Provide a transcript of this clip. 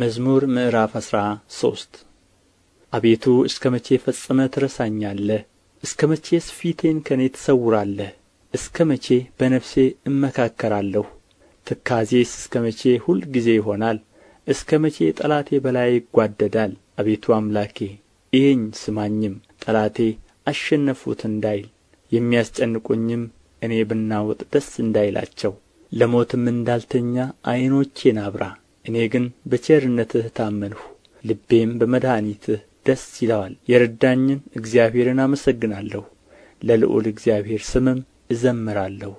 መዝሙር ምዕራፍ አስራ ሶስት አቤቱ እስከ መቼ ፈጽመህ ትረሳኛለህ? እስከ መቼስ ፊቴን ከእኔ ትሰውራለህ? እስከ መቼ በነፍሴ እመካከራለሁ? ትካዜስ እስከ መቼ ሁል ጊዜ ይሆናል? እስከ መቼ ጠላቴ በላይ ይጓደዳል? አቤቱ አምላኬ ይህኝ ስማኝም፣ ጠላቴ አሸነፉት እንዳይል የሚያስጨንቁኝም እኔ ብናወጥ ደስ እንዳይላቸው፣ ለሞትም እንዳልተኛ ዐይኖቼን አብራ እኔ ግን በቸርነትህ ታመንሁ ልቤም በመድኃኒትህ ደስ ይለዋል የረዳኝን እግዚአብሔርን አመሰግናለሁ ለልዑል እግዚአብሔር ስምም እዘምራለሁ